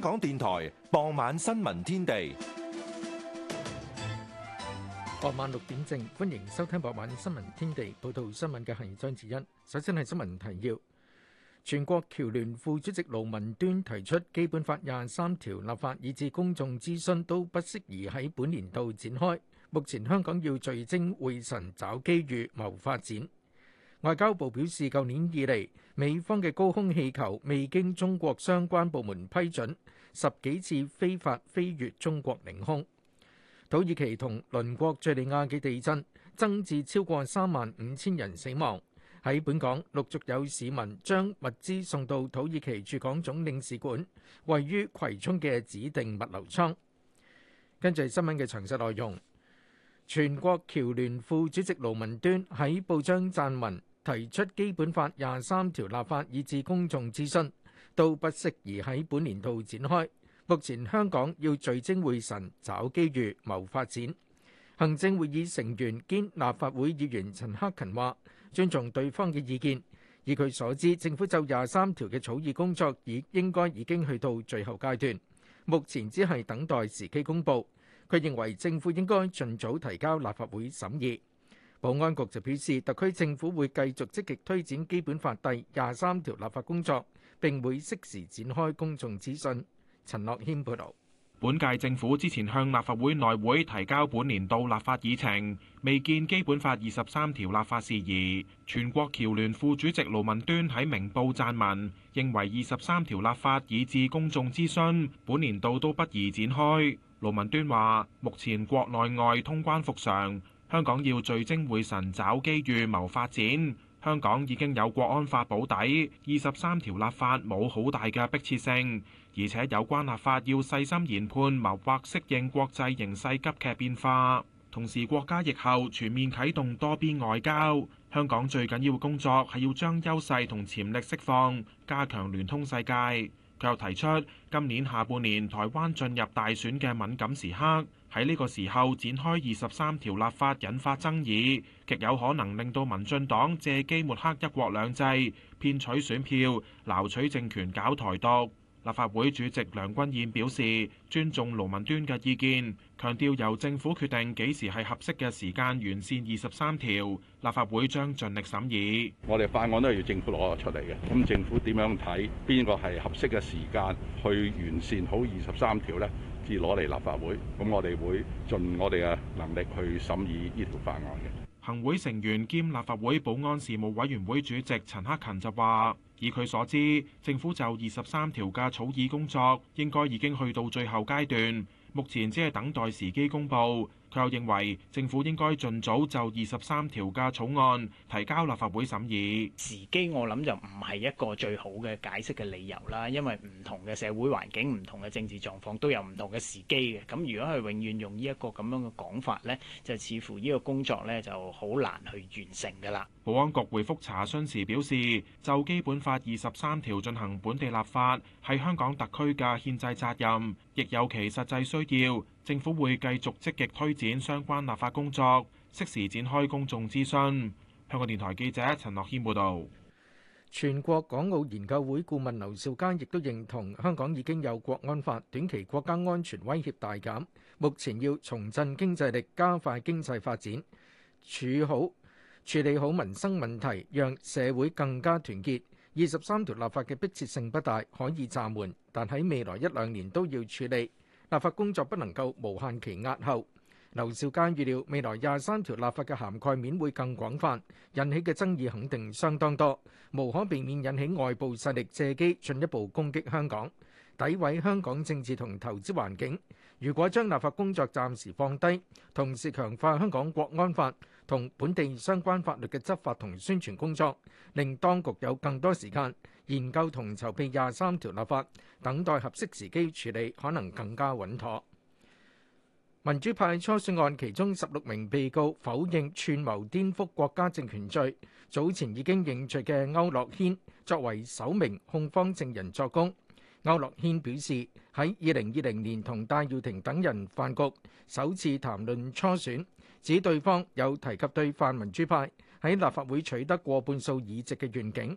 港電台傍晚新聞天地，傍晚六點正，歡迎收聽傍晚新聞天地，報道新聞嘅係張智欣。首先係新聞提要，全國僑聯副主席盧文端提出，基本法廿三條立法以至公眾諮詢都不適宜喺本年度展開。目前香港要聚精會神找機遇謀發展。外交部表示，舊年以嚟，美方嘅高空氣球未經中國相關部門批准，十幾次非法飛越中國領空。土耳其同鄰國敘利亞嘅地震，增至超過三萬五千人死亡。喺本港，陸續有市民將物資送到土耳其駐港總領事館位於葵涌嘅指定物流倉。跟住係新聞嘅詳細內容。全國僑聯副主席盧文端喺報章撰文。提出《基本法》廿三條立法以至公眾諮詢都不適宜喺本年度展開。目前香港要聚精會神找機遇謀發展。行政會議成員兼立法會議員陳克勤話，尊重對方嘅意見。以佢所知，政府就廿三條嘅草擬工作已應該已經去到最後階段，目前只係等待時機公佈。佢認為政府應該盡早提交立法會審議。保安局就表示，特區政府會繼續積極推展基本法第廿三條立法工作，並會適時展開公眾諮詢。陳樂謙報導。本屆政府之前向立法會內會提交本年度立法議程，未見基本法二十三條立法事宜。全國僑聯副主席盧文端喺明報撰文，認為二十三條立法以至公眾諮詢，本年度都不宜展開。盧文端話：目前國內外通關復常。香港要聚精會神找機遇謀發展。香港已經有國安法保底，二十三條立法冇好大嘅迫切性，而且有關立法要細心研判，謀劃適應國際形勢急劇變化。同時國家疫後全面啟動多邊外交，香港最緊要嘅工作係要將優勢同潛力釋放，加強聯通世界。佢又提出今年下半年台灣進入大選嘅敏感時刻。喺呢個時候展開二十三條立法，引發爭議，極有可能令到民進黨借機抹黑一國兩制，騙取選票，撈取政權，搞台獨。立法會主席梁君彥表示，尊重盧文端嘅意見，強調由政府決定幾時係合適嘅時間完善二十三條。立法會將盡力審議。我哋法案都係要政府攞出嚟嘅，咁政府點樣睇邊個係合適嘅時間去完善好二十三條呢？攞嚟立法會，咁我哋會盡我哋嘅能力去審議呢條法案嘅。行會成員兼立法會保安事務委員會主席陳克勤就話，以佢所知，政府就二十三條嘅草擬工作應該已經去到最後階段，目前只係等待時機公佈。佢又認為政府應該盡早就二十三條嘅草案提交立法會審議。時機我諗就唔係一個最好嘅解釋嘅理由啦，因為唔同嘅社會環境、唔同嘅政治狀況都有唔同嘅時機嘅。咁如果係永遠用呢一個咁樣嘅講法呢，就似乎呢個工作呢就好難去完成㗎啦。保安局回覆查詢時表示，就基本法二十三條進行本地立法係香港特區嘅憲制責任，亦有其實際需要。政府會繼續積極開展相關立法工作，適時展開公眾諮詢。香港電台記者陳樂軒報導。全國港澳研究會顧問劉兆佳亦都認同，香港已經有國安法，短期國家安全威脅大減。目前要重振經濟力，加快經濟發展，處好處理好民生問題，讓社會更加團結。二十三條立法嘅迫切性不大，可以暫緩，但喺未來一兩年都要處理。立法工作不能夠無限期押後。劉兆佳預料未來廿三條立法嘅涵蓋面會更廣泛，引起嘅爭議肯定相當多，無可避免引起外部勢力借機進一步攻擊香港、詆毀香港政治同投資環境。如果將立法工作暫時放低，同時強化香港國安法同本地相關法律嘅執法同宣傳工作，令當局有更多時間研究同籌備廿三條立法，等待合適時機處理，可能更加穩妥。民主派初選案其中十六名被告否認串謀顛覆國家政權罪，早前已經認罪嘅區諾軒作為首名控方證人作供。區諾軒表示喺二零二零年同戴耀廷等人飯局，首次談論初選，指對方有提及對泛民主派喺立法會取得過半數議席嘅願景。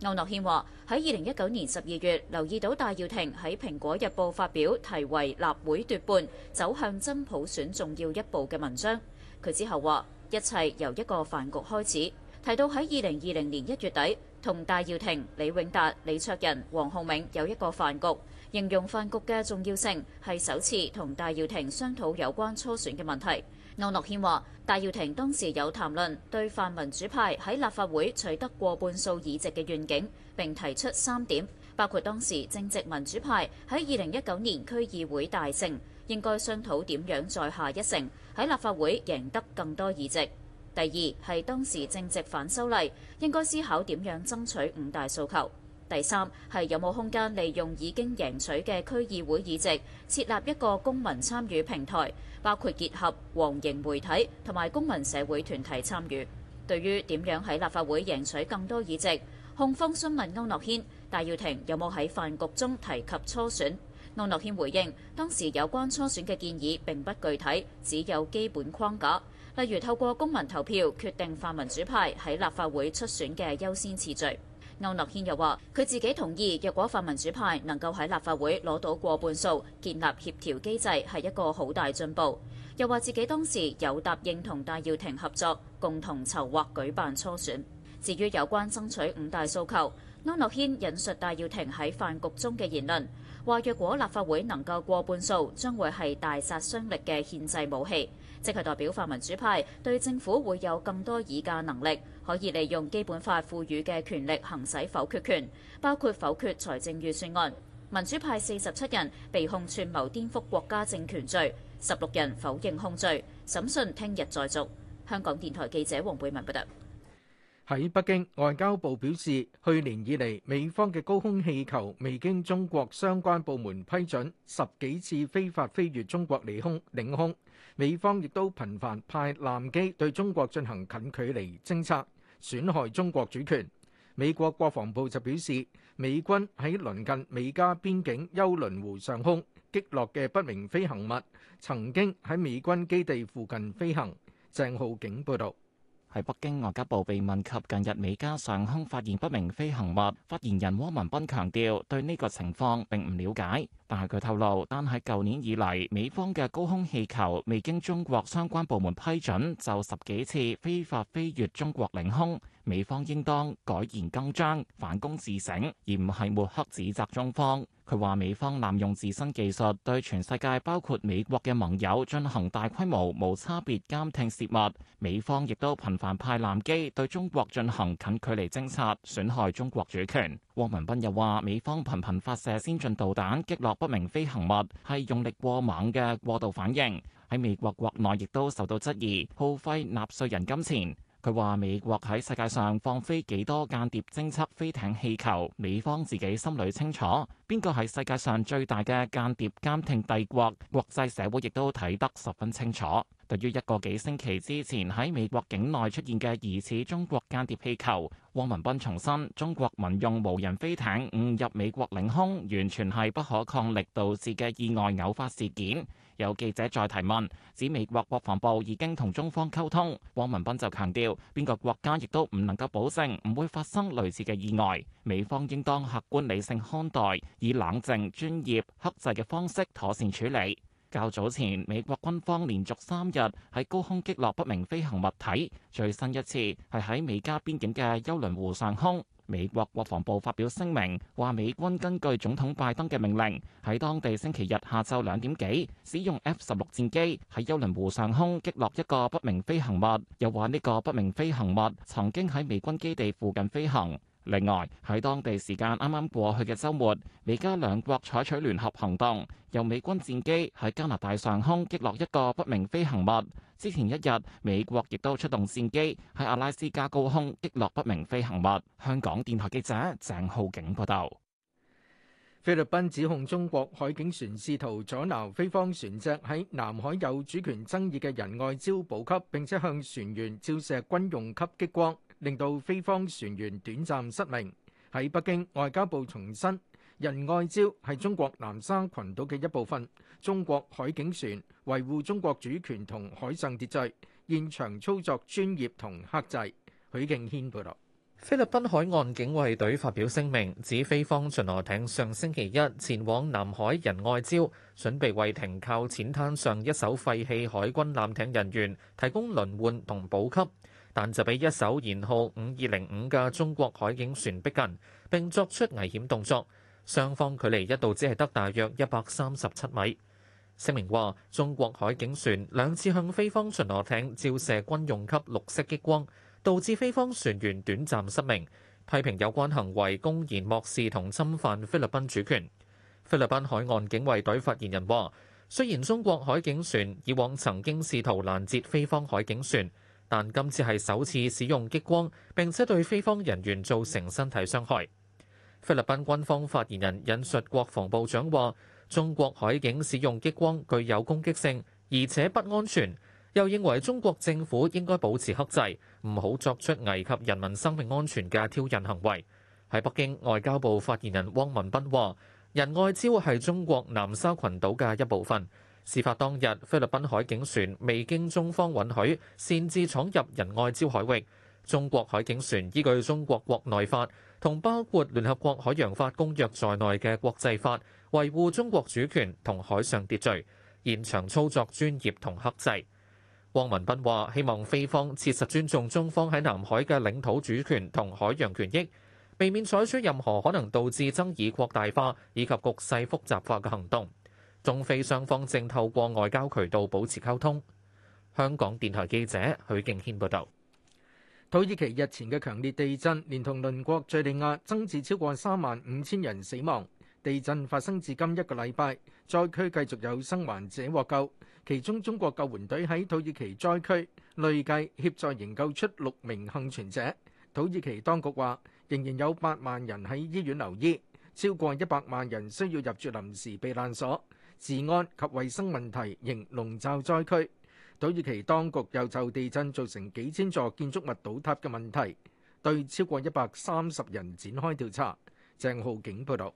區諾軒話：喺二零一九年十二月，留意到戴耀廷喺《蘋果日報》發表題為《立會奪半走向真普選》重要一步嘅文章。佢之後話：一切由一個飯局開始，提到喺二零二零年一月底同戴耀廷、李永達、李卓人、黃浩銘有一個飯局，形容飯局嘅重要性係首次同戴耀廷商討有關初選嘅問題。區諾軒話：戴耀廷當時有談論對泛民主派喺立法會取得過半數議席嘅願景，並提出三點，包括當時正值民主派喺二零一九年區議會大勝，應該商討點樣再下一城喺立法會贏得更多議席；第二係當時正值反修例，應該思考點樣爭取五大訴求；第三係有冇空間利用已經贏取嘅區議會議席，設立一個公民參與平台。包括結合黃營媒體同埋公民社會團體參與。對於點樣喺立法會贏取更多議席，控方詢問歐諾軒、戴耀廷有冇喺飯局中提及初選。歐諾軒回應，當時有關初選嘅建議並不具體，只有基本框架，例如透過公民投票決定泛民主派喺立法會出選嘅優先次序。區諾軒又話：佢自己同意，若果泛民主派能夠喺立法會攞到過半數，建立協調機制係一個好大進步。又話自己當時有答應同戴耀廷合作，共同籌劃舉辦初選。至於有關爭取五大訴求，區諾軒引述戴耀廷喺飯局中嘅言論，話若果立法會能夠過半數，將會係大殺傷力嘅憲制武器。即係代表泛民主派對政府會有更多議價能力，可以利用基本法賦予嘅權力行使否決權，包括否決財政預算案。民主派四十七人被控串謀顛覆國家政權罪，十六人否認控罪，審訊聽日再續。香港電台記者黃貝文報道。喺北京，外交部表示，去年以嚟美方嘅高空氣球未經中國相關部門批准，十幾次非法飛越中國離空領空。美方亦都頻繁派艦機對中國進行近距離偵察，損害中國主權。美國國防部就表示，美軍喺鄰近美加邊境休倫湖上空擊落嘅不明飛行物，曾經喺美軍基地附近飛行。鄭浩景報道。喺北京外交部被問及近日美加上空發現不明飛行物，發言人汪文斌強調對呢個情況並唔了解，但係佢透露，單係舊年以嚟，美方嘅高空氣球未經中國相關部門批准，就十幾次非法飛越中國領空。美方應當改弦更張反攻自省，而唔係抹黑指責中方。佢話美方濫用自身技術對全世界包括美國嘅盟友進行大規模無差別監聽泄密，美方亦都頻繁派艦機對中國進行近距離偵察，損害中國主權，汪文斌又話美方頻頻發射先進導彈擊落不明飛行物，係用力過猛嘅過度反應，喺美國國內亦都受到質疑，耗費納稅人金錢。佢話美國喺世界上放飛幾多間諜偵測飛艇氣球，美方自己心裏清楚。邊個係世界上最大嘅間諜監聽帝國？國際社會亦都睇得十分清楚。對於一個幾星期之前喺美國境內出現嘅疑似中國間諜氣球，汪文斌重申：中國民用無人飛艇誤入美國領空，完全係不可抗力導致嘅意外偶發事件。有記者再提問，指美國國防部已經同中方溝通，汪文斌就強調，邊個國家亦都唔能夠保證唔會發生類似嘅意外，美方應當客觀理性看待，以冷靜、專業、克制嘅方式妥善處理。較早前，美國軍方連續三日喺高空擊落不明飛行物體，最新一次係喺美加邊境嘅休倫湖上空。美國國防部發表聲明，話美軍根據總統拜登嘅命令，喺當地星期日下晝兩點幾，使用 F 十六戰機喺休倫湖上空擊落一個不明飛行物。又話呢個不明飛行物曾經喺美軍基地附近飛行。另外喺當地時間啱啱過去嘅週末，美加兩國採取聯合行動，由美軍戰機喺加拿大上空擊落一個不明飛行物。之前一日，美國亦都出動戰機喺阿拉斯加高空擊落不明飛行物。香港電台記者鄭浩景報道。菲律賓指控中國海警船試圖阻撓菲方船隻喺南海有主權爭議嘅仁愛礁補給，並且向船員照射軍用級激光，令到菲方船員短暫失明。喺北京，外交部重申。仁愛礁係中國南沙群島嘅一部分。中國海警船維護中國主權同海上秩序，現場操作專業同克制。許敬軒報道。菲律賓海岸警衛隊發表聲明，指菲方巡邏艇上星期一前往南海仁愛礁，準備為停靠淺灘上一艘廢棄海軍艦艇人員提供輪換同補給，但就俾一艘舷號五二零五嘅中國海警船迫近，並作出危險動作。雙方距離一度只係得大約一百三十七米。聲明話：中國海警船兩次向菲方巡邏艇照射軍用級綠色激光，導致菲方船員短暫失明，批評有關行為公然漠視同侵犯菲律賓主權。菲律賓海岸警衛隊發言人話：雖然中國海警船以往曾經試圖攔截菲方海警船，但今次係首次使用激光，並且對菲方人員造成身體傷害。菲律賓軍方發言人引述國防部長話：中國海警使用激光具有攻擊性，而且不安全。又認為中國政府應該保持克制，唔好作出危及人民生命安全嘅挑釁行為。喺北京，外交部發言人汪文斌話：仁愛礁係中國南沙群島嘅一部分。事發當日，菲律賓海警船未經中方允許，擅自闖入仁愛礁海域。中國海警船依據中國國內法，同包括聯合國海洋法公約在內嘅國際法，維護中國主權同海上秩序，現場操作專業同克制。汪文斌話：希望菲方切實尊重中方喺南海嘅領土主權同海洋權益，避免採取任何可能導致爭議擴大化以及局勢複雜化嘅行動。中菲雙方正透過外交渠道保持溝通。香港電台記者許敬軒報道。土耳其日前嘅強烈地震，連同鄰國敍利亞，增至超過三萬五千人死亡。地震發生至今一個禮拜，災區繼續有生還者獲救，其中中國救援隊喺土耳其災區累計協助營救出六名幸存者。土耳其當局話，仍然有八萬人喺醫院留醫，超過一百萬人需要入住臨時避難所。治安及衞生問題仍籠罩災災區。土耳其當局又就地震造成幾千座建築物倒塌嘅問題，對超過一百三十人展開調查。鄭浩景報導。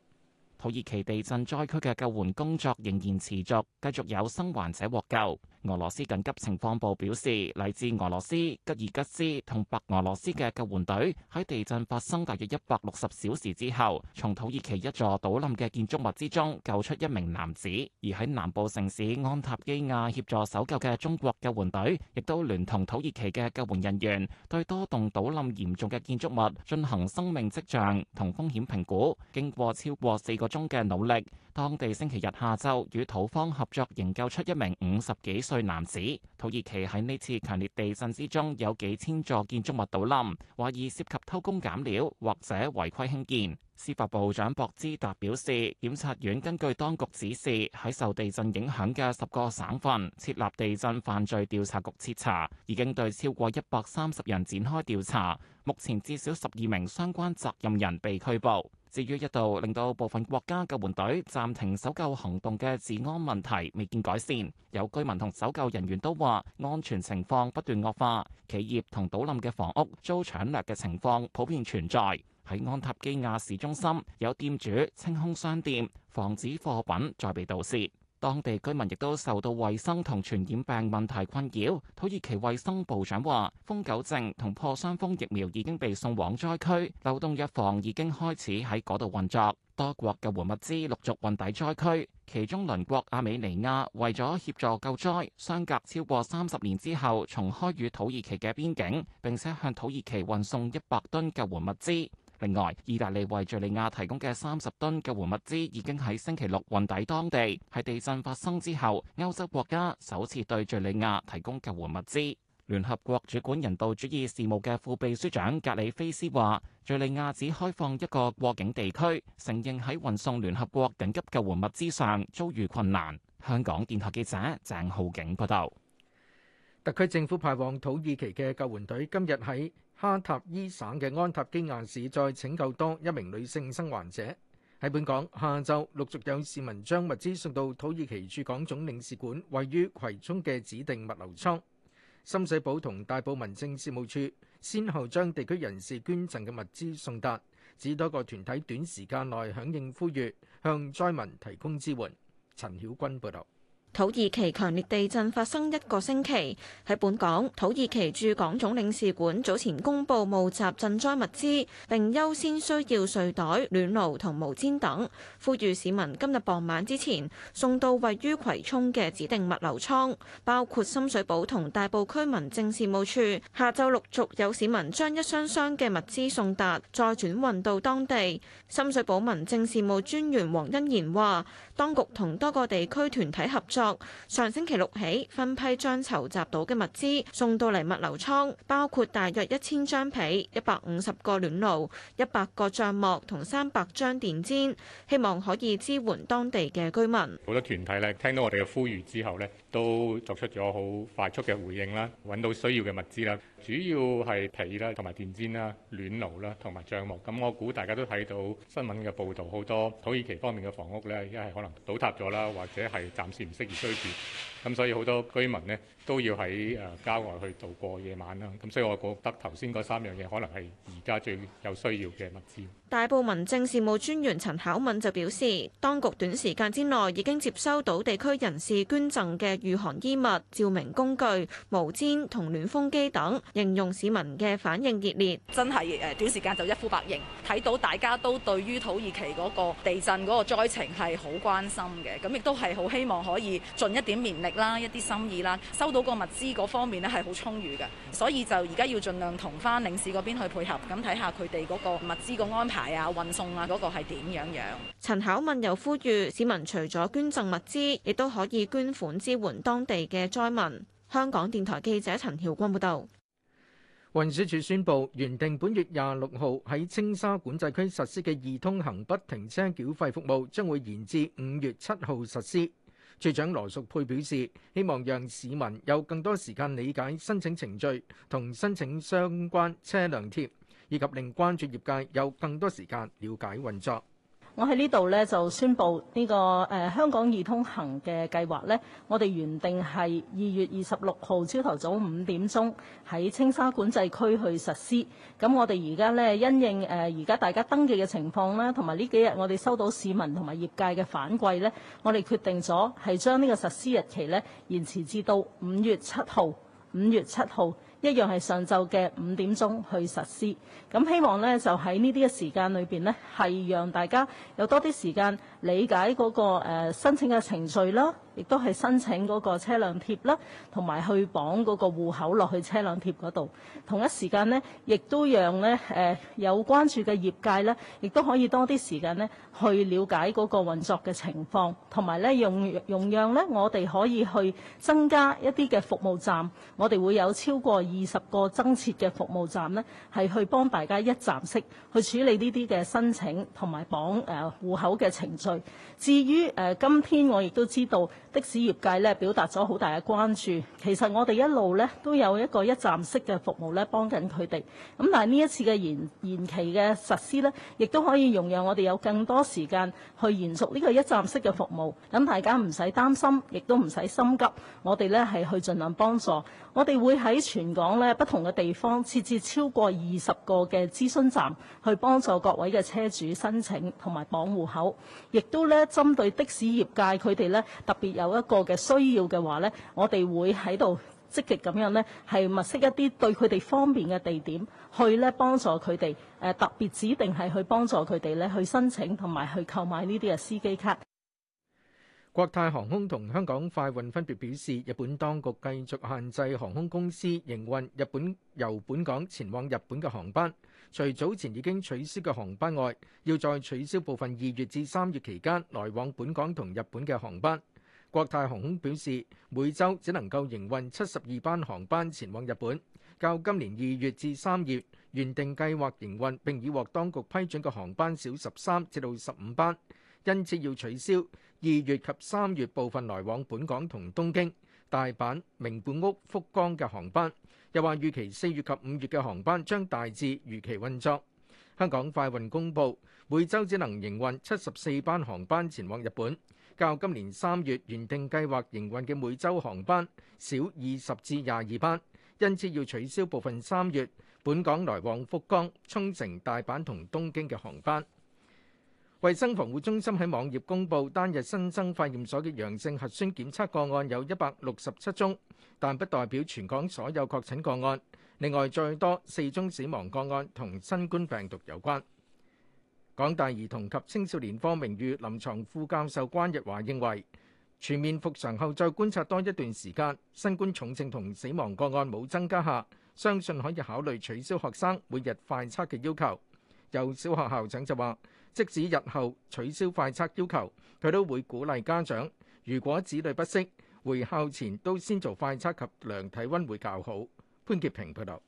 土耳其地震災區嘅救援工作仍然持續，繼續有生還者獲救。俄羅斯緊急情況部表示，嚟自俄羅斯、吉爾吉斯同白俄羅斯嘅救援隊喺地震發生大約一百六十小時之後，從土耳其一座倒冧嘅建築物之中救出一名男子。而喺南部城市安塔基亞協助搜救嘅中國救援隊，亦都聯同土耳其嘅救援人員，對多棟倒冧嚴重嘅建築物進行生命跡象同風險評估。經過超過四個鐘嘅努力，當地星期日下晝與土方合作營救出一名五十幾歲男子。土耳其喺呢次強烈地震之中有幾千座建築物倒冧，懷疑涉及偷工減料或者違規興建。司法部長博茲達表示，檢察院根據當局指示喺受地震影響嘅十個省份設立地震犯罪調查局，徹查，已經對超過一百三十人展開調查，目前至少十二名相關責任人被拘捕。至於一度令到部分國家救援隊暫停搜救行動嘅治安問題未見改善，有居民同搜救人員都話安全情況不斷惡化，企業同倒冧嘅房屋遭搶掠嘅情況普遍存在。喺安塔基亞市中心，有店主清空商店，防止貨品再被盜竊。當地居民亦都受到衛生同傳染病問題困擾。土耳其衛生部長話，瘋狗症同破傷風疫苗已經被送往災區，流動藥房已經開始喺嗰度運作。多國救援物資陸續運抵災區，其中鄰國亞美尼亞為咗協助救災，相隔超過三十年之後重開與土耳其嘅邊境，並且向土耳其運送一百噸救援物資。另外，意大利為敍利亞提供嘅三十噸救援物資已經喺星期六運抵當地。喺地震發生之後，歐洲國家首次對敍利亞提供救援物資。聯合國主管人道主義事務嘅副秘書長格里菲斯話，敍利亞只開放一個過境地區，承認喺運送聯合國緊急救援物資上遭遇困難。香港電台記者鄭浩景報道。特區政府派往土耳其嘅救援隊今日喺哈塔伊省嘅安塔基亞市再拯救多一名女性生還者。喺本港，下晝陸續有市民將物資送到土耳其駐港總領事館位於葵涌嘅指定物流倉。深水埗同大埔民政事務處先後將地區人士捐贈嘅物資送達，指多個團體短時間內響應呼籲，向災民提供支援。陳曉君報道。土耳其強烈地震發生一個星期，喺本港土耳其駐港總領事館早前公布募集賑災物資，並優先需要睡袋、暖爐同毛氈等，呼籲市民今日傍晚之前送到位於葵涌嘅指定物流倉，包括深水埗同大埔區民政事務處。下晝陸續有市民將一箱箱嘅物資送達，再轉運到當地。深水埗民政事務專員黃欣賢話，當局同多個地區團體合作。上星期六起，分批將籌集到嘅物資送到嚟物流倉，包括大約一千張被、一百五十個暖爐、一百個帳幕同三百張電氈，希望可以支援當地嘅居民。好多團體咧，聽到我哋嘅呼籲之後咧，都作出咗好快速嘅回應啦，搵到需要嘅物資啦。主要係被啦，同埋電氈啦、暖爐啦，同埋帳幕。咁我估大家都睇到新聞嘅報導，好多土耳其方面嘅房屋咧，一係可能倒塌咗啦，或者係暫時唔適宜居住。咁所以好多居民咧都要喺誒郊外去度過夜晚啦。咁所以我覺得頭先嗰三樣嘢可能係而家最有需要嘅物資。大埔民政事務專員陳巧敏就表示，當局短時間之內已經接收到地區人士捐贈嘅御寒衣物、照明工具、毛氈同暖風機等，形容市民嘅反應熱烈，真係誒短時間就一呼百應，睇到大家都對於土耳其嗰個地震嗰個災情係好關心嘅，咁亦都係好希望可以盡一點綿力。啦一啲心意啦，收到個物資嗰方面呢係好充裕嘅，所以就而家要盡量同翻領事嗰邊去配合，咁睇下佢哋嗰個物資嘅安排啊、運送啊嗰個係點樣樣。陳巧敏又呼籲市民除咗捐贈物資，亦都可以捐款支援當地嘅災民。香港電台記者陳曉君報道，運輸署宣布，原定本月廿六號喺青沙管制區實施嘅易通行不停車繳費服務，將會延至五月七號實施。署長羅淑佩表示，希望讓市民有更多時間理解申請程序同申請相關車輛貼，以及令關注業界有更多時間了解運作。我喺呢度咧就宣布呢、這個誒、呃、香港易通行嘅計劃咧，我哋原定係二月二十六號朝頭早五點鐘喺青沙管制區去實施。咁我哋而家咧因應誒而家大家登記嘅情況啦，同埋呢幾日我哋收到市民同埋業界嘅反饋咧，我哋決定咗係將呢個實施日期咧延遲至到五月七號。五月七號。一樣係上晝嘅五點鐘去實施，咁希望呢就喺呢啲嘅時間裏面呢，係讓大家有多啲時間理解嗰個、呃、申請嘅程序咯。亦都係申請嗰個車輛貼啦，同埋去綁嗰個戶口落去車輛貼嗰度。同一時間呢，亦都讓咧誒、呃、有關注嘅業界咧，亦都可以多啲時間咧去了解嗰個運作嘅情況，同埋咧用用樣咧，我哋可以去增加一啲嘅服務站。我哋會有超過二十個增設嘅服務站咧，係去幫大家一站式去處理呢啲嘅申請同埋綁誒戶、呃、口嘅程序。至於誒、呃、今天我亦都知道。的士業界咧表達咗好大嘅關注，其實我哋一路咧都有一個一站式嘅服務咧幫緊佢哋。咁但係呢一次嘅延延期嘅實施咧，亦都可以容讓我哋有更多時間去延續呢個一站式嘅服務。咁大家唔使擔心，亦都唔使心急，我哋咧係去盡量幫助。我哋會喺全港咧不同嘅地方設置超過二十個嘅諮詢站，去幫助各位嘅車主申請同埋綁戶口，亦都咧針對的士業界佢哋咧特別有有一個嘅需要嘅話呢，我哋會喺度積極咁樣呢係物色一啲對佢哋方便嘅地點，去咧幫助佢哋誒，特別指定係去幫助佢哋咧去申請同埋去購買呢啲嘅司機卡。國泰航空同香港快運分別表示，日本當局繼續限制航空公司營運日本由本港前往日本嘅航班，除早前已經取消嘅航班外，要再取消部分二月至三月期間來往本港同日本嘅航班。國泰航空表示，每周只能夠營運七十二班航班前往日本，較今年二月至三月原定計劃營運並已獲當局批准嘅航班少十三至到十五班，因此要取消二月及三月部分來往本港同東京、大阪、名古屋、福岡嘅航班。又話預期四月及五月嘅航班將大致如期運作。香港快運公佈，每周只能營運七十四班航班前往日本。較今年三月原定計劃營運嘅每周航班少二十至廿二班，因此要取消部分三月本港來往福岡、沖繩、大阪同東京嘅航班。衛生防護中心喺網頁公布單日新增化驗所嘅陽性核酸檢測個案有一百六十七宗，但不代表全港所有確診個案。另外，再多四宗死亡個案同新冠病毒有關。港大兒童及青少年科名譽臨床副教授關日華認為，全面復常後再觀察多一段時間，新冠重症同死亡個案冇增加下，相信可以考慮取消學生每日快測嘅要求。有小學校長就話，即使日後取消快測要求，佢都會鼓勵家長，如果子女不適，回校前都先做快測及量體温會較好。潘潔平報道。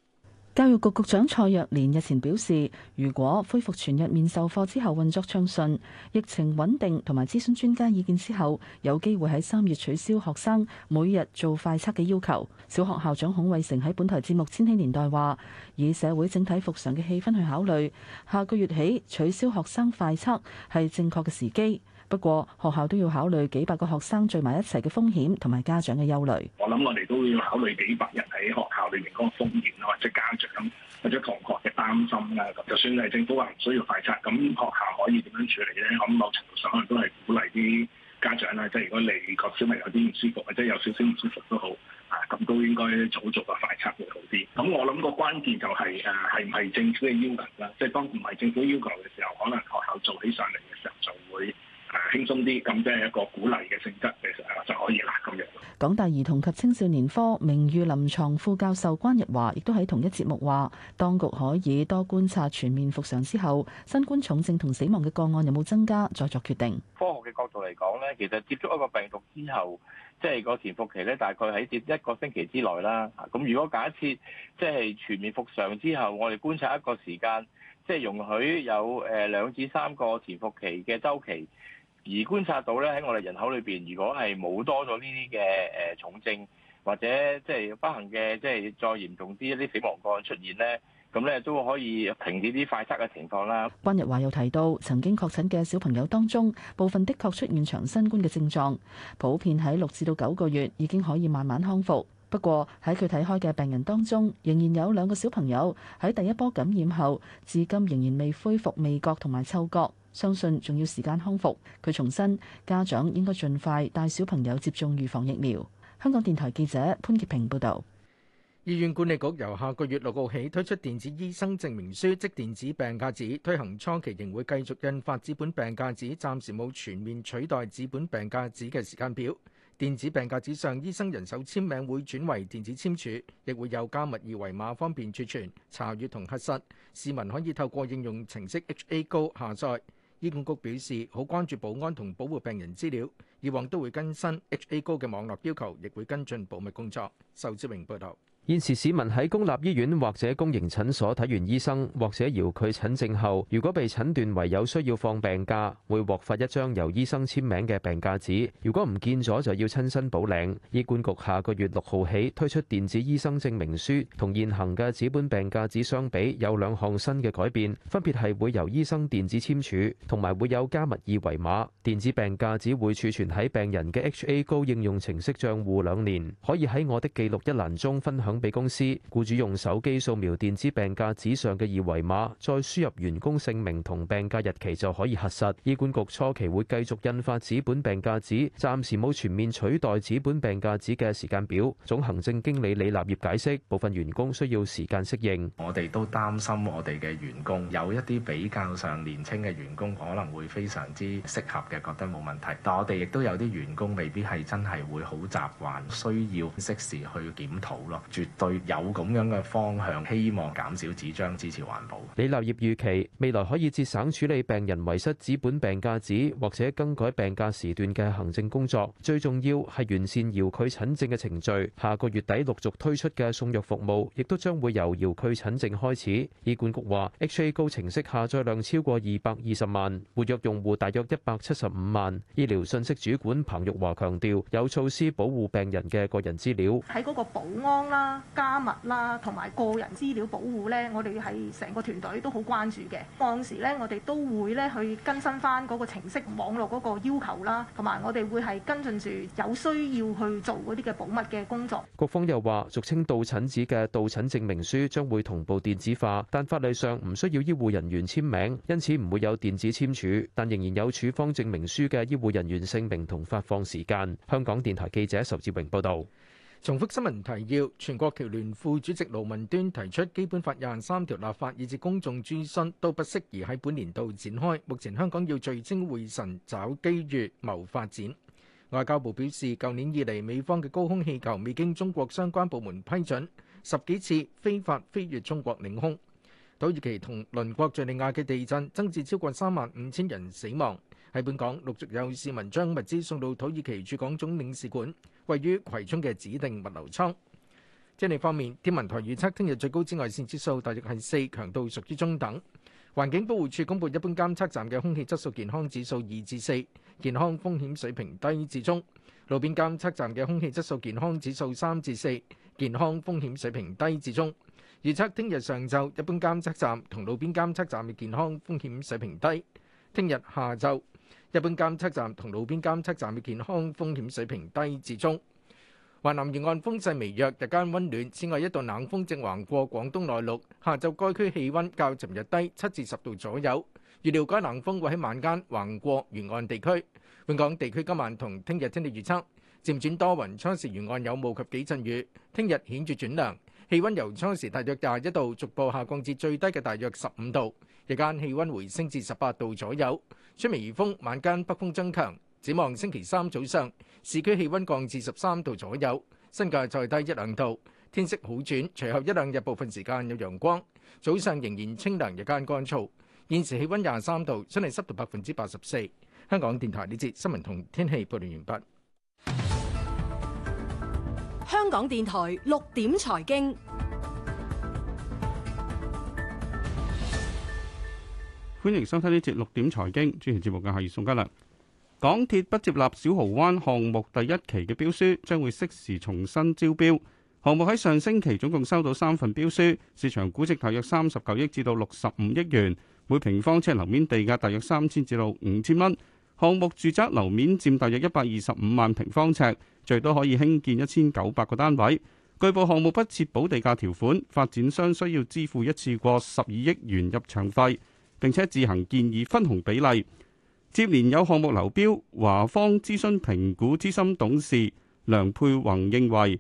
教育局局長蔡若蓮日前表示，如果恢復全日面授課之後運作暢順、疫情穩定同埋諮詢專家意見之後，有機會喺三月取消學生每日做快測嘅要求。小學校長孔偉成喺本台節目《千禧年代》話，以社會整體復常嘅氣氛去考慮，下個月起取消學生快測係正確嘅時機。不過學校都要考慮幾百個學生聚埋一齊嘅風險同埋家長嘅憂慮。我諗我哋都要考慮幾百人喺學校裏面嗰個風險啦，或者家長或者同學嘅擔心啦。咁就算係政府話唔需要快測，咁學校可以點樣處理咧？我某程度上都係鼓勵啲家長啦，即係如果你個小朋友有啲唔舒服或者有少少唔舒服都好，啊咁都應該早做個快測會好啲。咁我諗個關鍵就係誒係唔係政府嘅要求啦。即係當唔係政府要求嘅時候，可能學校做起上嚟嘅時候就會。誒輕鬆啲，咁即係一個鼓勵嘅性質其實就可以啦咁樣。港大兒童及青少年科名譽臨床副教授關日華亦都喺同一節目話，當局可以多觀察全面復常之後，新冠重症同死亡嘅個案有冇增加，再作決定。科學嘅角度嚟講呢，其實接觸一個病毒之後，即係個潛伏期咧，大概喺一一個星期之內啦。咁如果假設即係全面復常之後，我哋觀察一個時間。即係容許有誒兩至三個潛伏期嘅週期，而觀察到咧喺我哋人口裏邊，如果係冇多咗呢啲嘅誒重症，或者即係不幸嘅即係再嚴重啲一啲死亡個案出現咧，咁咧都可以停止啲快測嘅情況啦。關日華又提到，曾經確診嘅小朋友當中，部分的確出現長新冠嘅症狀，普遍喺六至到九個月已經可以慢慢康復。不過喺佢睇開嘅病人當中，仍然有兩個小朋友喺第一波感染後，至今仍然未恢復味覺同埋嗅覺，相信仲要時間康復。佢重申，家長應該盡快帶小朋友接種預防疫苗。香港電台記者潘潔平報導。醫院管理局由下個月六號起推出電子醫生證明書，即電子病假紙。推行初期仍會繼續印發紙本病假紙，暫時冇全面取代紙本病假紙嘅時間表。電子病假紙上醫生人手簽名會轉為電子簽署，亦會有加密二維碼，方便儲存、查閱同核實。市民可以透過應用程式 HA 高下載。醫管局表示好關注保安同保護病人資料，以往都會更新 HA 高嘅網絡要求，亦會跟進保密工作。仇志榮報導。現時市民喺公立醫院或者公營診所睇完醫生或者搖佢診症後，如果被診斷為有需要放病假，會獲發一張由醫生簽名嘅病假紙。如果唔見咗，就要親身補領。醫管局下個月六號起推出電子醫生證明書，同現行嘅紙本病假紙相比，有兩項新嘅改變，分別係會由醫生電子簽署，同埋會有加密二維碼。電子病假紙會儲存喺病人嘅 H A 高應用程式帳戶兩年，可以喺我的記錄一欄中分享。俾公司僱主用手機掃描電子病假紙上嘅二維碼，再輸入員工姓名同病假日期就可以核實。醫管局初期會繼續印發紙本病假紙，暫時冇全面取代紙本病假紙嘅時間表。總行政經理李立業解釋，部分員工需要時間適應。我哋都擔心我哋嘅員工有一啲比較上年青嘅員工可能會非常之適合嘅，覺得冇問題。但我哋亦都有啲員工未必係真係會好習慣，需要適時去檢討咯。對有咁樣嘅方向，希望減少紙張，支持環保。李立業預期未來可以節省處理病人遺失紙本病假紙或者更改病假時段嘅行政工作。最重要係完善遙距診症嘅程序。下個月底陸續推出嘅送藥服務，亦都將會由遙距診症開始。醫管局話，H A 高程式下載量超過二百二十萬，活躍用戶大約一百七十五萬。醫療信息主管彭玉華強調，有措施保護病人嘅個人資料。喺嗰個保安啦、啊。加密啦，同埋個人資料保護咧，我哋係成個團隊都好關注嘅。當時咧，我哋都會咧去更新翻嗰個程式網絡嗰個要求啦，同埋我哋會係跟進住有需要去做嗰啲嘅保密嘅工作。局方又話，俗稱到診紙嘅到診證明書將會同步電子化，但法例上唔需要醫護人員簽名，因此唔會有電子簽署，但仍然有處方證明書嘅醫護人員姓名同發放時間。香港電台記者仇志榮報道。重複新聞提要。全國僑聯副主席盧文端提出，基本法廿三條立法以至公眾諮詢都不適宜喺本年度展開。目前香港要聚精會神找機遇謀發展。外交部表示，舊年以嚟美方嘅高空氣球未經中國相關部門批准，十幾次非法飛越中國領空。土耳其同鄰國敍利亞嘅地震增至超過三萬五千人死亡。喺本港，陸續有市民將物資送到土耳其駐港總領事館。位於葵涌嘅指定物流倉。天氣方面，天文台預測聽日最高紫外線指數大約係四，強度屬於中等。環境保護署公佈一般監測站嘅空氣質素健康指數二至四，健康風險水平低至中。路邊監測站嘅空氣質素健康指數三至四，健康風險水平低至中。預測聽日上晝，一般監測站同路邊監測站嘅健康風險水平低。聽日下晝，一般監測站同路邊監測站嘅健康風險水平低至中。華南沿岸風勢微弱，日間溫暖。此外，一度冷風正橫過廣東內陸，下晝該區氣溫較尋日低七至十度左右。預料該冷風會喺晚間橫過沿岸地區。本港地區今晚同聽日天氣預測漸轉多雲，初時沿岸有霧及幾陣雨。聽日顯著轉涼。氣溫由初時大約廿一度，逐步下降至最低嘅大約十五度。日間氣溫回升至十八度左右，吹微風。晚間北風增強，展望星期三早上，市區氣溫降至十三度左右，新界再低一兩度。天色好轉，隨後一兩日部分時間有陽光，早上仍然清涼，日間乾燥。現時氣溫廿三度，相對濕度百分之八十四。香港電台呢節新聞同天氣報道完畢。香港電台六點財經，歡迎收聽呢節六點財經，主持節目嘅係宋嘉良。港鐵不接納小蠔灣項目第一期嘅標書，將會適時重新招標。項目喺上星期總共收到三份標書，市場估值大約三十九億至到六十五億元，每平方尺樓面地價大約三千至到五千蚊。項目住宅樓面佔大約一百二十五萬平方尺，最多可以興建一千九百個單位。據報項目不設補地價條款，發展商需要支付一次過十二億元入場費，並且自行建議分紅比例。接連有項目流標，華方諮詢評估資深董事梁佩宏認為，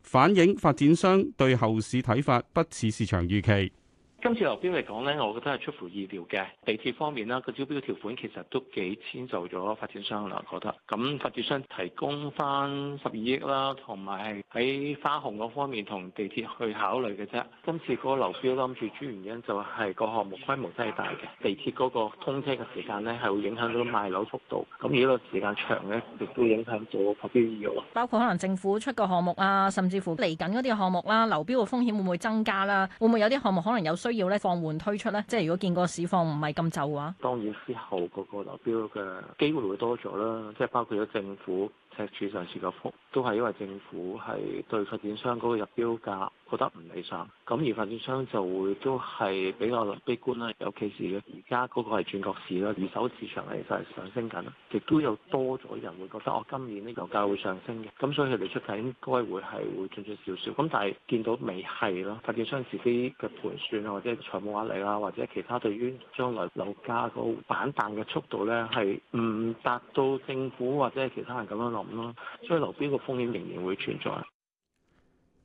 反映發展商對後市睇法不似市場預期。今次流標嚟講咧，我覺得係出乎意料嘅。地鐵方面啦，個招標條款其實都幾遷就咗發展商啦，我覺得咁發展商提供翻十二億啦，同埋係喺花紅嗰方面同地鐵去考慮嘅啫。今次嗰個流標諗住主要原因就係個項目規模真係大嘅，地鐵嗰個通車嘅時間咧係會影響到賣樓速度，咁而家時間長咧，亦都影響咗發標意願。包括可能政府出個項目啊，甚至乎嚟緊嗰啲項目啦，流標嘅風險會唔會增加啦？會唔會有啲項目可能有需要？要咧放緩推出咧，即係如果見個市況唔係咁就嘅話，當然之後嗰個流標嘅機會會多咗啦，即係包括咗政府赤柱上次個幅，都係因為政府係對發展商嗰個入標價。覺得唔理想，咁而發展商就會都係比較悲觀啦。尤其是而家嗰個係轉角市啦，二手市場其實係上升緊，亦都有多咗人會覺得哦，今年呢樓價會上升嘅，咁所以佢哋出價應該會係會進取少少。咁但係見到未係咯，發展商自己嘅盤算啊，或者財務壓力啦，或者其他對於將來樓價個反彈嘅速度呢，係唔達到政府或者其他人咁樣諗咯，所以流標嘅風險仍然會存在。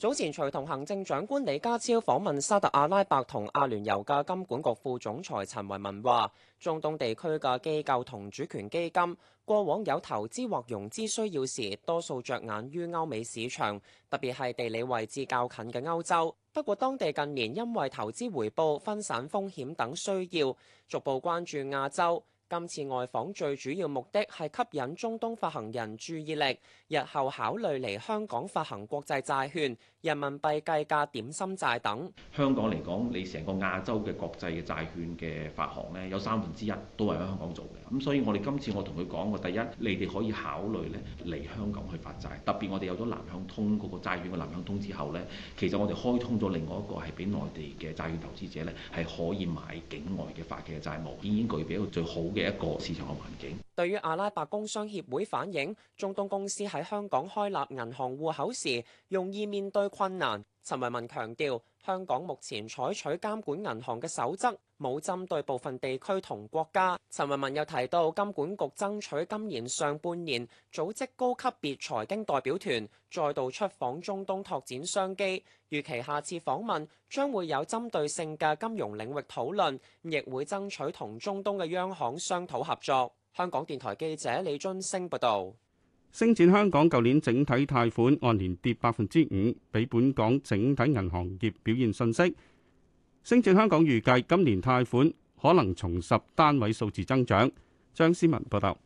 早前隨同行政長官李家超訪問沙特阿拉伯同阿聯酋嘅金管局副總裁陳維文話，中東地區嘅機構同主權基金過往有投資或融資需要時，多數着眼於歐美市場，特別係地理位置較近嘅歐洲。不過，當地近年因為投資回報、分散風險等需要，逐步關注亞洲。今次外訪最主要目的係吸引中東發行人注意力，日後考慮嚟香港發行國際債券、人民幣計價點心債等。香港嚟講，你成個亞洲嘅國際嘅債券嘅發行呢，有三分之一都係喺香港做嘅。咁所以，我哋今次我同佢講過，第一，你哋可以考慮呢嚟香港去發債。特別我哋有咗南向通嗰個債券嘅南向通之後呢，其實我哋開通咗另外一個係俾內地嘅債券投資者呢，係可以買境外嘅發起嘅債務，已經具備一個最好嘅。嘅一個市場嘅環境。對於阿拉伯工商協會反映，中東公司喺香港開立銀行戶口時容易面對困難，陳維文強調，香港目前採取監管銀行嘅守則。冇針對部分地區同國家。陳文文又提到，金管局爭取今年上半年組織高級別財經代表團，再度出訪中東拓展商機。預期下次訪問將會有針對性嘅金融領域討論，亦會爭取同中東嘅央行商討合作。香港電台記者李津升報道：「星展香港舊年整體貸款按年跌百分之五，俾本港整體銀行業表現信息。星展香港預計今年貸款可能重拾單位數字增長。張思文報道。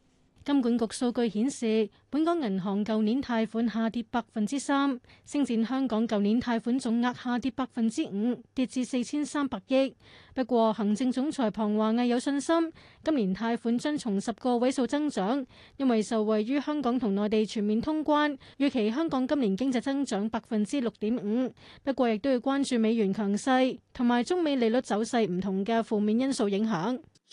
金管局數據顯示，本港銀行舊年貸款下跌百分之三，升佔香港舊年貸款總額下跌百分之五，跌至四千三百億。不過，行政總裁龐華毅有信心，今年貸款將重拾個位數增長，因為受惠於香港同內地全面通關，預期香港今年經濟增長百分之六點五。不過，亦都要關注美元強勢同埋中美利率走勢唔同嘅負面因素影響。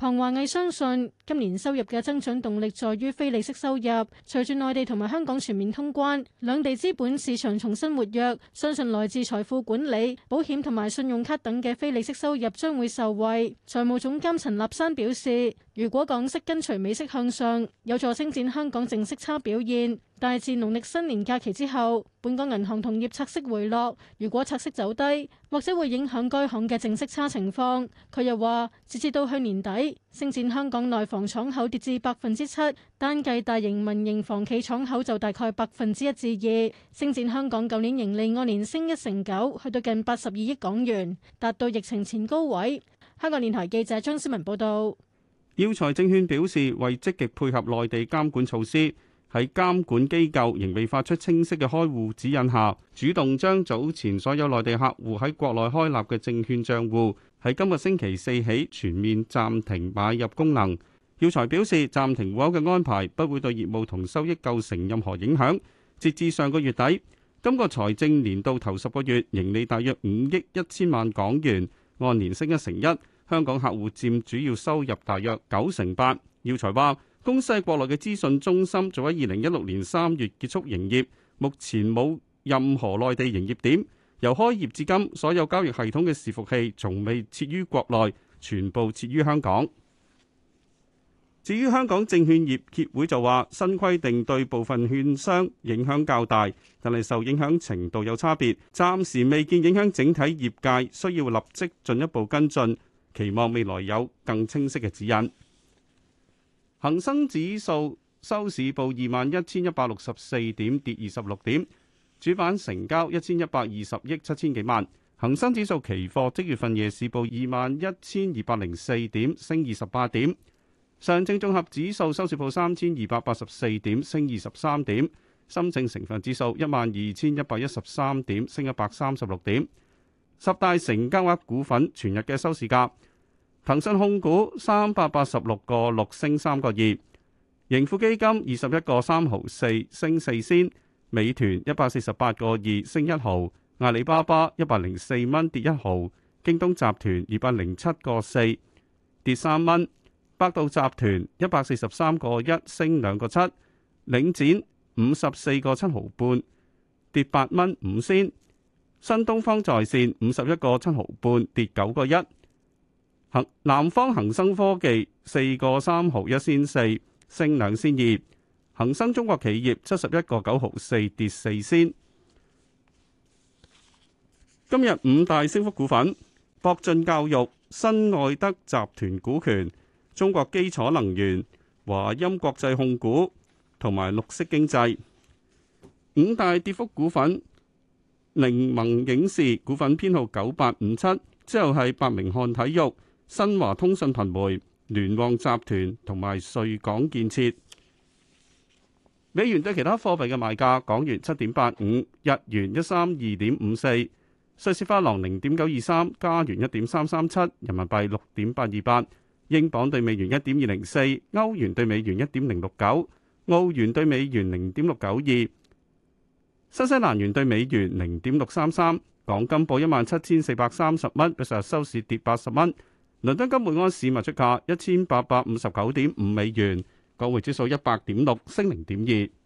龐華毅相信今年收入嘅增長動力在於非利息收入。隨住內地同埋香港全面通關，兩地資本市場重新活躍，相信來自財富管理、保險同埋信用卡等嘅非利息收入將會受惠。財務總監陳立山表示。如果港息跟隨美息向上，有助升展香港淨息差表現。但自農曆新年假期之後，本港銀行同業拆息回落。如果拆息走低，或者會影響該行嘅淨息差情況。佢又話，截至到去年底，升展香港內房廠口跌至百分之七，單計大型民營房企廠口就大概百分之一至二。升展香港舊年，盈利按年升一成九，去到近八十二億港元，達到疫情前高位。香港電台記者張思文報道。耀才證券表示，為積極配合內地監管措施，喺監管機構仍未發出清晰嘅開戶指引下，主動將早前所有內地客戶喺國內開立嘅證券帳戶，喺今日星期四起全面暫停買入功能。耀才表示，暫停戶口嘅安排不會對業務同收益構成任何影響。截至上個月底，今個財政年度頭十個月盈利大約五億一千萬港元，按年升一成一。香港客戶佔主要收入，大約九成八。耀才話：公司國內嘅資訊中心早喺二零一六年三月結束營業，目前冇任何內地營業點。由開業至今，所有交易系統嘅伺服器從未設於國內，全部設於香港。至於香港證券業協會就話：新規定對部分券商影響較大，但係受影響程度有差別，暫時未見影響整體業界，需要立即進一步跟進。期望未來有更清晰嘅指引。恒生指數收市報二萬一千一百六十四點，跌二十六點。主板成交一千一百二十億七千幾萬。恒生指數期貨即月份夜市報二萬一千二百零四點，升二十八點。上證綜合指數收市報三千二百八十四點，升二十三點。深證成分指數一萬二千一百一十三點，升一百三十六點。十大成交額股份全日嘅收市價：騰訊控股三百八十六個六升三個二，盈富基金二十一個三毫四升四仙，美團一百四十八個二升一毫，阿里巴巴一百零四蚊跌一毫，京東集團二百零七個四跌三蚊，百度集團一百四十三個一升兩個七，領展五十四個七毫半跌八蚊五仙。新東方在線五十一個七毫半，跌九個一。恒南方恒生科技四個三毫一先四升兩先二。恒生中國企業七十一個九毫四跌四先。今日五大升幅股份：博進教育、新愛德集團股權、中國基礎能源、華音國際控股同埋綠色經濟。五大跌幅股份。檸萌影視股份編號九八五七，之後係伯明翰體育、新華通訊頻媒、聯旺集團同埋瑞港建設。美元對其他貨幣嘅賣價：港元七點八五，日元一三二點五四，瑞士法郎零點九二三，加元一點三三七，人民幣六點八二八，英鎊對美元一點二零四，歐元對美元一點零六九，澳元對美元零點六九二。新西蘭元對美元零點六三三，港金報一萬七千四百三十蚊，比上日收市跌八十蚊。倫敦金每安士賣出價一千八百五十九點五美元，港匯指數一百點六升零點二。